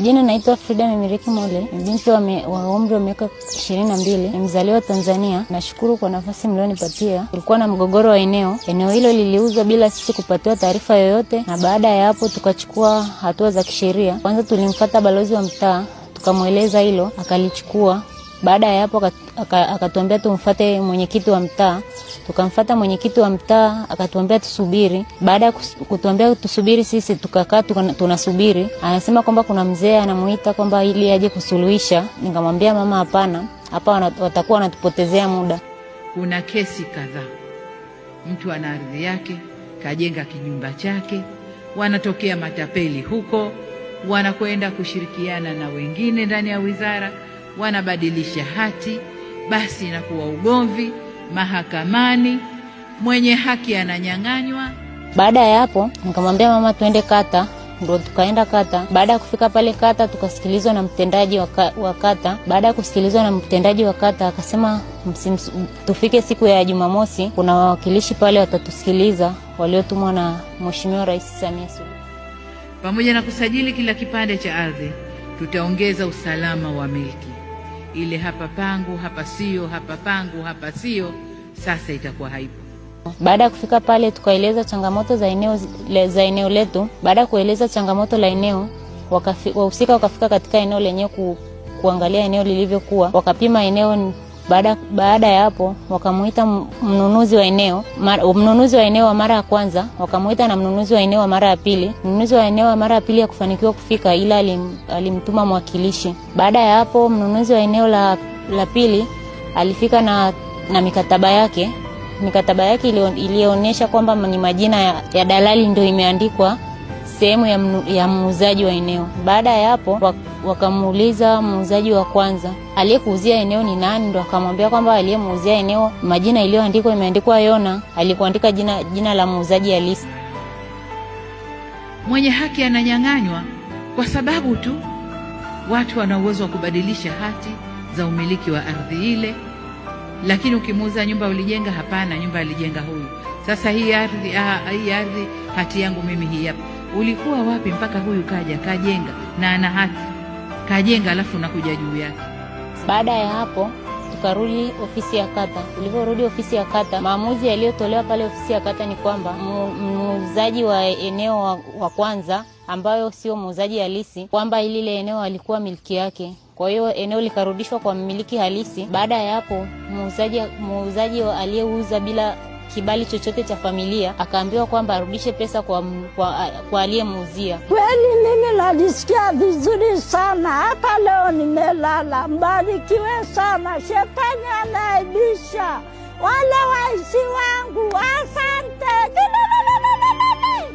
Jina naitwa Frida Mimiriki Mole, binti wa umri wa miaka ishirini na mbili, ni mzaliwa Tanzania. Nashukuru kwa nafasi mlionipatia. Kulikuwa na mgogoro wa eneo, eneo hilo liliuzwa bila sisi kupatiwa taarifa yoyote, na baada ya hapo tukachukua hatua za kisheria. Kwanza tulimfata balozi wa mtaa, tukamweleza hilo, akalichukua. Baada ya hapo akatuambia tumfate mwenyekiti wa mtaa. Tukamfata mwenyekiti wa mtaa akatuambia tusubiri. Baada ya kutuambia tusubiri, sisi tukakaa tunasubiri. Anasema kwamba kuna mzee anamuita kwamba ili aje kusuluhisha. Nikamwambia mama, hapana, hapa watakuwa wanatupotezea muda. Kuna kesi kadhaa, mtu ana ardhi yake kajenga kinyumba chake, wanatokea matapeli huko, wanakwenda kushirikiana na wengine ndani ya wizara, wanabadilisha hati, basi inakuwa ugomvi mahakamani, mwenye haki ananyang'anywa. Baada ya hapo, nikamwambia mama, tuende kata. Ndo tukaenda kata. Baada ya kufika pale kata, tukasikilizwa na mtendaji wa kata. Baada ya kusikilizwa na mtendaji wa kata, akasema tufike siku ya Jumamosi, kuna wawakilishi pale watatusikiliza, waliotumwa na Mheshimiwa Rais Samia Suluhu. Pamoja na kusajili kila kipande cha ardhi, tutaongeza usalama wa milki ile hapa pangu, hapa sio, hapa pangu, hapa sio, sasa itakuwa haipo. Baada ya kufika pale, tukaeleza changamoto za eneo za eneo letu. Baada ya kueleza changamoto la eneo, wahusika wakafika katika eneo lenyewe ku, kuangalia eneo lilivyokuwa, wakapima eneo baada, baada ya hapo wakamuita mnunuzi wa eneo mara, mnunuzi wa eneo wa mara ya kwanza wakamuita na mnunuzi wa eneo wa mara ya pili. Mnunuzi wa eneo wa mara ya pili hakufanikiwa kufika, ila alim, alimtuma mwakilishi. Baada ya hapo mnunuzi wa eneo la, la pili alifika na, na mikataba yake. Mikataba yake ilionyesha kwamba ni majina ya, ya dalali ndio imeandikwa sehemu ya muuzaji wa eneo. Baada ya hapo, wakamuuliza muuzaji wa kwanza aliyekuuzia eneo ni nani, ndo akamwambia kwamba aliyemuuzia eneo majina iliyoandikwa imeandikwa Yona, alikuandika jina, jina la muuzaji halisi. Mwenye haki ananyang'anywa kwa sababu tu watu wana uwezo wa kubadilisha hati za umiliki wa ardhi ile, lakini ukimuuza nyumba ulijenga, hapana, nyumba alijenga huyu. Sasa hii ardhi, ah, hii ardhi hati yangu mimi hii hapa ulikuwa wapi mpaka huyu kaja kajenga na ana haki kajenga, alafu unakuja juu yake. Baada ya hapo tukarudi ofisi ya kata. Tulivyorudi ofisi ya kata, maamuzi yaliyotolewa pale ofisi ya kata ni kwamba muuzaji wa eneo wa, wa kwanza ambayo sio muuzaji halisi kwamba lile eneo alikuwa miliki yake kwa hiyo eneo likarudishwa kwa mmiliki halisi. Baada ya hapo muuzaji muuzaji aliyeuza bila kibali chochote cha familia, akaambiwa kwamba arudishe pesa kwa, kwa, kwa aliyemuuzia. Kweli mimi najisikia vizuri sana hapa leo, nimelala mbarikiwe sana. Shetani anaibisha wale waisi wangu, asante.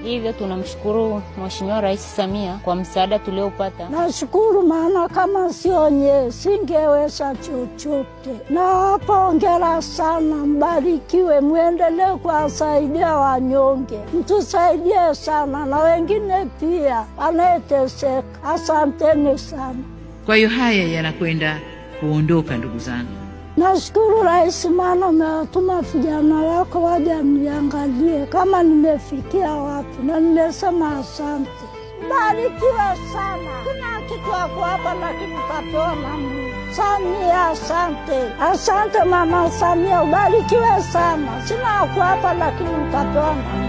Hivyo tunamshukuru Mheshimiwa Rais Samia kwa msaada tuliopata. Nashukuru maana kama sionye singeweza chochote. Na hongera sana, mbarikiwe, mwendelee kuwasaidia wanyonge, mtusaidie sana na wengine pia anayeteseka. Asanteni sana. Kwa hiyo haya yanakwenda kuondoka, ndugu zangu. Nashukuru Rais maana amewatuma vijana wako waja niangalie kama nimefikia wapi, na nimesema asante. Barikiwa sana, kuna kitu wako hapa lakini kapewa mama Samia. Asante, asante Mama Samia, ubarikiwe sana. Sina wako hapa lakini mkapewa mama